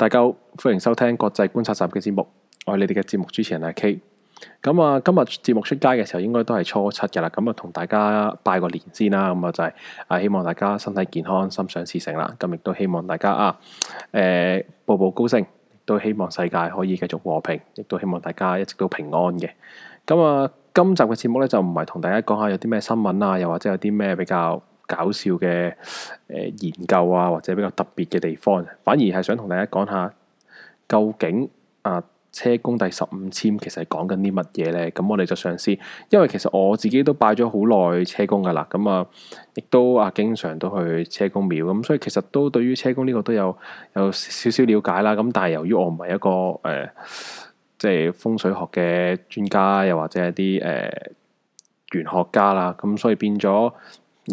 大家好，歡迎收聽國際觀察站嘅節目，我係你哋嘅節目主持人阿 K。咁啊，今日節目出街嘅時候，應該都係初七日啦。咁啊，同大家拜個年先啦。咁啊，就係啊，希望大家身體健康，心想事成啦。咁亦都希望大家啊，步步高升。都希望世界可以繼續和平，亦都希望大家一直都平安嘅。咁啊，今集嘅節目咧，就唔係同大家講下有啲咩新聞啊，又或者有啲咩比較。搞笑嘅誒、呃、研究啊，或者比較特別嘅地方，反而係想同大家講下，究竟啊車公第十五籤其實講緊啲乜嘢呢？咁我哋就嘗試，因為其實我自己都拜咗好耐車公噶啦，咁啊亦都啊經常都去車公廟，咁所以其實都對於車公呢個都有有少少了解啦。咁但係由於我唔係一個誒、呃，即係風水學嘅專家，又或者一啲誒玄學家啦，咁所以變咗。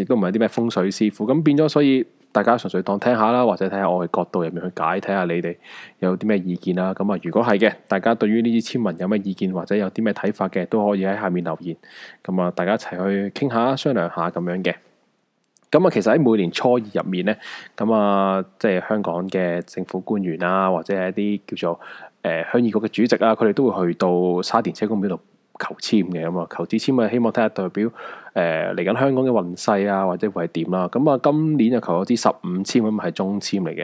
亦都唔係啲咩風水師傅，咁變咗，所以大家純粹當聽下啦，或者睇下我嘅角度入面去解，睇下你哋有啲咩意見啦。咁啊，如果係嘅，大家對於呢啲簽文有咩意見，或者有啲咩睇法嘅，都可以喺下面留言。咁啊，大家一齊去傾下、商量下咁樣嘅。咁啊，其實喺每年初二入面咧，咁啊，即係香港嘅政府官員啊，或者係一啲叫做誒、呃、鄉議局嘅主席啊，佢哋都會去到沙田車公廟度。求籤嘅。咁啊，求支籤咪希望睇下代表誒嚟緊香港嘅運勢啊，或者會係點啦。咁、嗯、啊，今年就求咗支十五籤，咁，係、嗯、中籤嚟嘅。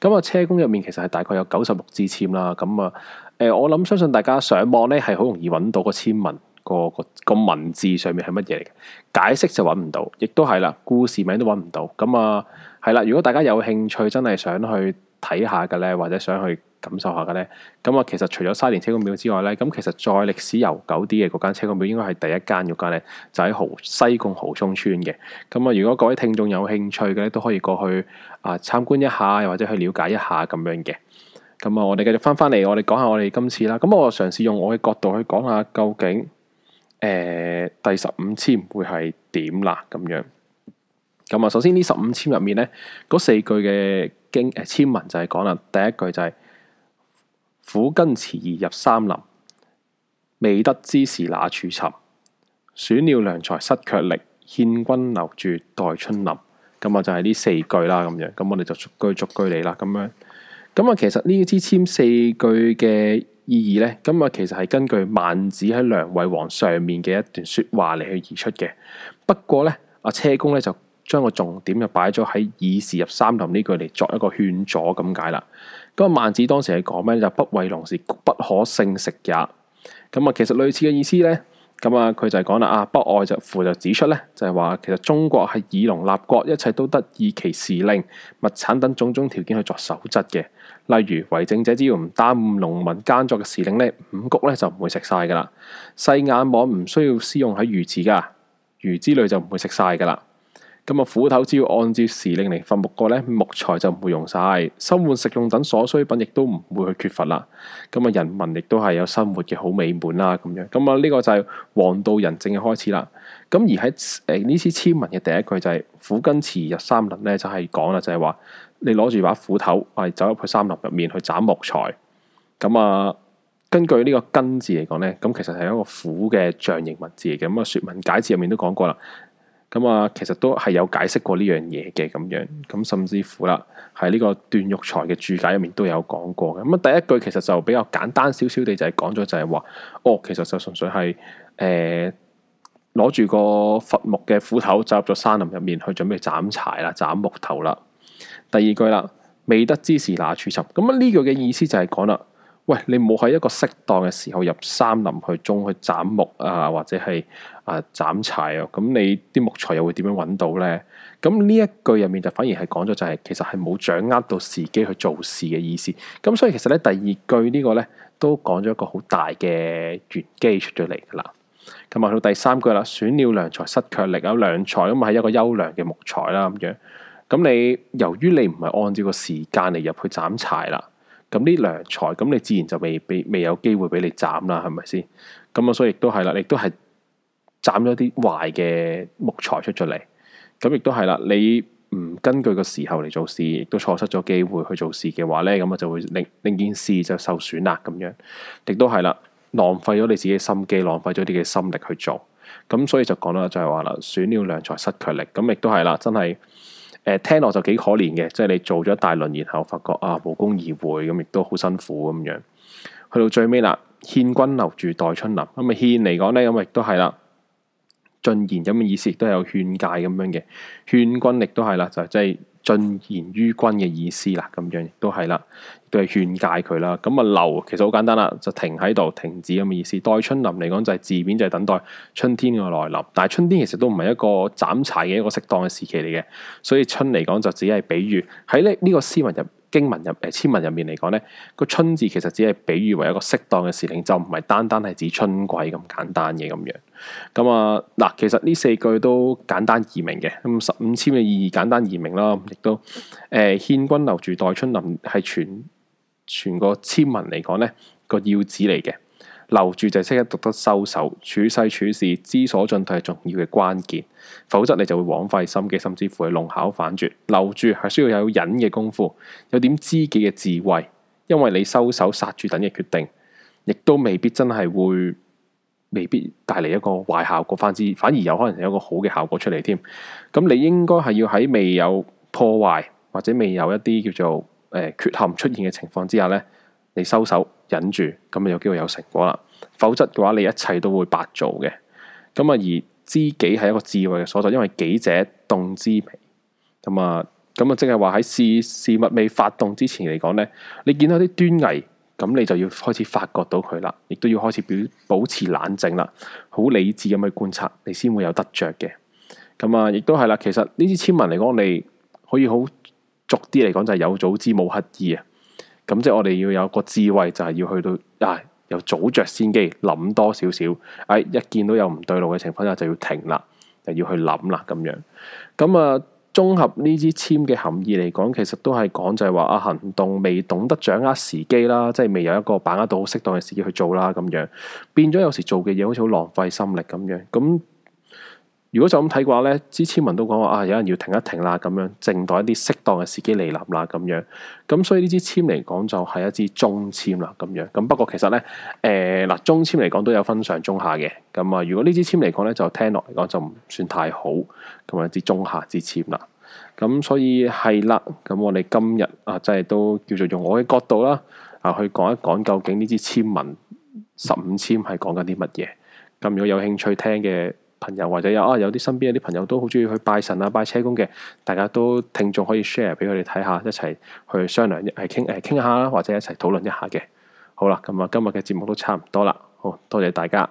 咁、嗯、啊，車公入面其實係大概有九十六支籤啦。咁、嗯、啊，誒、呃，我諗相信大家上網咧係好容易揾到個籤文。個個個文字上面係乜嘢嚟嘅？解釋就揾唔到，亦都係啦。故事名都揾唔到。咁啊，係啦。如果大家有興趣，真係想去睇下嘅咧，或者想去感受下嘅咧，咁啊，其實除咗沙田車公廟之外咧，咁其實再歷史悠久啲嘅嗰間車公廟應該係第一間。嗰間咧就喺豪西貢豪涌村嘅。咁啊，如果各位聽眾有興趣嘅咧，都可以過去啊參觀一下，又或者去了解一下咁樣嘅。咁啊，我哋繼續翻翻嚟，我哋講下我哋今次啦。咁我嘗試用我嘅角度去講下，究竟。誒、呃，第十五籤會係點啦？咁樣，咁啊，首先呢十五籤入面咧，嗰四句嘅經誒籤、呃、文就係講啦，第一句就係、是、斧斤持以入山林，未得之時那處尋？損了良材失卻力，獻君留住待春臨。咁啊，就係呢四句啦，咁樣，咁我哋就逐句逐句嚟啦，咁樣。咁啊，其實呢支籤四句嘅。意義咧，咁啊，其實係根據孟子喺梁惠王上面嘅一段説話嚟去而出嘅。不過咧，阿車公咧就將個重點就擺咗喺以時入山林呢句嚟作一個勸阻咁解啦。咁啊，孟子當時係講咩就是、不違農時，穀不可勝食也。咁啊，其實類似嘅意思咧。咁啊，佢、嗯、就講啦啊，北外就扶就指出咧，就係、是、話其實中國係以農立國，一切都得以其時令、物產等種種條件去作守則嘅。例如，為政者只要唔耽誤農民耕作嘅時令咧，五穀咧就唔會食晒噶啦。細眼網唔需要施用喺魚池噶，魚之類就唔會食晒噶啦。咁啊，斧頭只要按照時令嚟伐木過咧，木材就唔會用晒，生活食用等所需品亦都唔會去缺乏啦。咁啊，人民亦都係有生活嘅好美滿啦，咁樣。咁啊，呢個就係王道人正嘅開始啦。咁而喺誒呢次簽文嘅第一句就係斧斤持入山林咧，就係講啦，就係話你攞住把斧頭，係走入去山林入面去斬木材。咁啊，根據呢個斤字嚟講咧，咁其實係一個斧嘅象形文字嚟嘅。咁啊，說文解字入面都講過啦。咁啊，其實都係有解釋過呢樣嘢嘅咁樣，咁甚至乎啦，喺呢個段玉才嘅注解入面都有講過嘅。咁啊，第一句其實就比較簡單少少地，就係講咗就係話，哦，其實就純粹係誒攞住個伐木嘅斧頭，走入咗山林入面去準備斬柴啦、斬木頭啦。第二句啦，未得之時那處尋？咁、嗯、啊，呢句嘅意思就係講啦。喂，你冇喺一個適當嘅時候入山林去種去斬木啊，或者係啊斬柴啊，咁你啲木材又會點樣揾到咧？咁呢一句入面就反而係講咗就係其實係冇掌握到時機去做事嘅意思。咁所以其實咧第二句個呢個咧都講咗一個好大嘅玄機出咗嚟啦。咁啊去到第三句啦，損了良材失卻力啊，良材咁啊係一個優良嘅木材啦咁樣。咁你由於你唔係按照個時間嚟入去斬柴啦。咁呢良才，咁你自然就未俾未有機會俾你斬啦，係咪先？咁啊，所以亦都係啦，亦都係斬咗啲壞嘅木材出出嚟。咁亦都係啦，你唔根據個時候嚟做事，亦都錯失咗機會去做事嘅話呢，咁啊就會令令件事就受損啦，咁樣亦都係啦，浪費咗你自己心機，浪費咗啲嘅心力去做。咁所以就講啦，就係話啦，損了良材失卻力，咁亦都係啦，真係。誒，聽落就幾可憐嘅，即係你做咗一大輪，然後發覺啊無功而回，咁亦都好辛苦咁樣，去到最尾啦。獻君留住待春臨，咁啊獻嚟講呢，咁亦都係啦，進言咁嘅意思，亦都有勸誡咁樣嘅勸君，亦都係啦，就即、是、係。盡言於君嘅意思啦，咁樣亦都係啦，都係勸誡佢啦。咁啊留，其實好簡單啦，就停喺度，停止咁嘅意思。待春臨嚟講就係字面就係、是、等待春天嘅來臨。但係春天其實都唔係一個斬柴嘅一個適當嘅時期嚟嘅，所以春嚟講就只係比喻喺呢呢個詩文入。經文入誒籤、呃、文入面嚟講咧，個春字其實只係比喻為一個適當嘅時令，就唔係單單係指春季咁簡單嘅咁樣。咁、嗯、啊嗱，其實呢四句都簡單易明嘅。咁、嗯、十五籤嘅意義簡單易明啦，亦都誒獻、呃、君留住待春臨」係全全個籤文嚟講咧，個要旨嚟嘅。留住就係識得懂得收手，處世處事知所進退係重要嘅關鍵，否則你就會枉費心機，甚至乎係弄巧反拙。留住係需要有忍嘅功夫，有點知己嘅智慧，因為你收手、殺住等嘅決定，亦都未必真係會，未必帶嚟一個壞效果，反之反而有可能有一個好嘅效果出嚟添。咁你應該係要喺未有破壞或者未有一啲叫做、呃、缺陷出現嘅情況之下呢，你收手。忍住，咁啊有機會有成果啦。否則嘅話，你一切都會白做嘅。咁啊，而知己係一個智慧嘅所在，因為己者動之微。咁啊，咁啊，即係話喺事事物未發動之前嚟講呢，你見到啲端倪，咁你就要開始發覺到佢啦，亦都要開始表保持冷靜啦，好理智咁去觀察，你先會有得着嘅。咁啊，亦都係啦。其實呢啲簽文嚟講，你可以好俗啲嚟講，就係有早知冇乞兒啊。咁即係我哋要有一個智慧，就係要去到啊，又早着先機，諗多少少，哎，一見到有唔對路嘅情況下，就要停啦，就要去諗啦，咁樣。咁啊，綜合呢支簽嘅含義嚟講，其實都係講就係話啊，行動未懂得掌握時機啦，即係未有一個把握到適當嘅時機去做啦，咁樣變咗有時做嘅嘢好似好浪費心力咁樣，咁。如果就咁睇嘅話咧，支簽文都講話啊，有人要停一停啦，咁樣，靜待一啲適當嘅時機來臨啦，咁樣咁，所以呢支簽嚟講就係一支中簽啦，咁樣咁，不過其實咧，誒嗱，中簽嚟講都有分上中下嘅，咁啊如果呢支簽嚟講咧，就聽落嚟講就唔算太好，咁啊一支中下之簽啦，咁所以係啦，咁我哋今日啊即係都叫做用我嘅角度啦，啊去講一講究竟呢支簽文十五簽係講緊啲乜嘢，咁如果有興趣聽嘅。朋友或者有啊，有啲身邊有啲朋友都好鍾意去拜神啊、拜車公嘅，大家都聽眾可以 share 俾佢哋睇下，一齊去商量去一係傾誒傾下啦，或者一齊討論一下嘅。好啦，咁啊，今日嘅節目都差唔多啦，好多謝大家。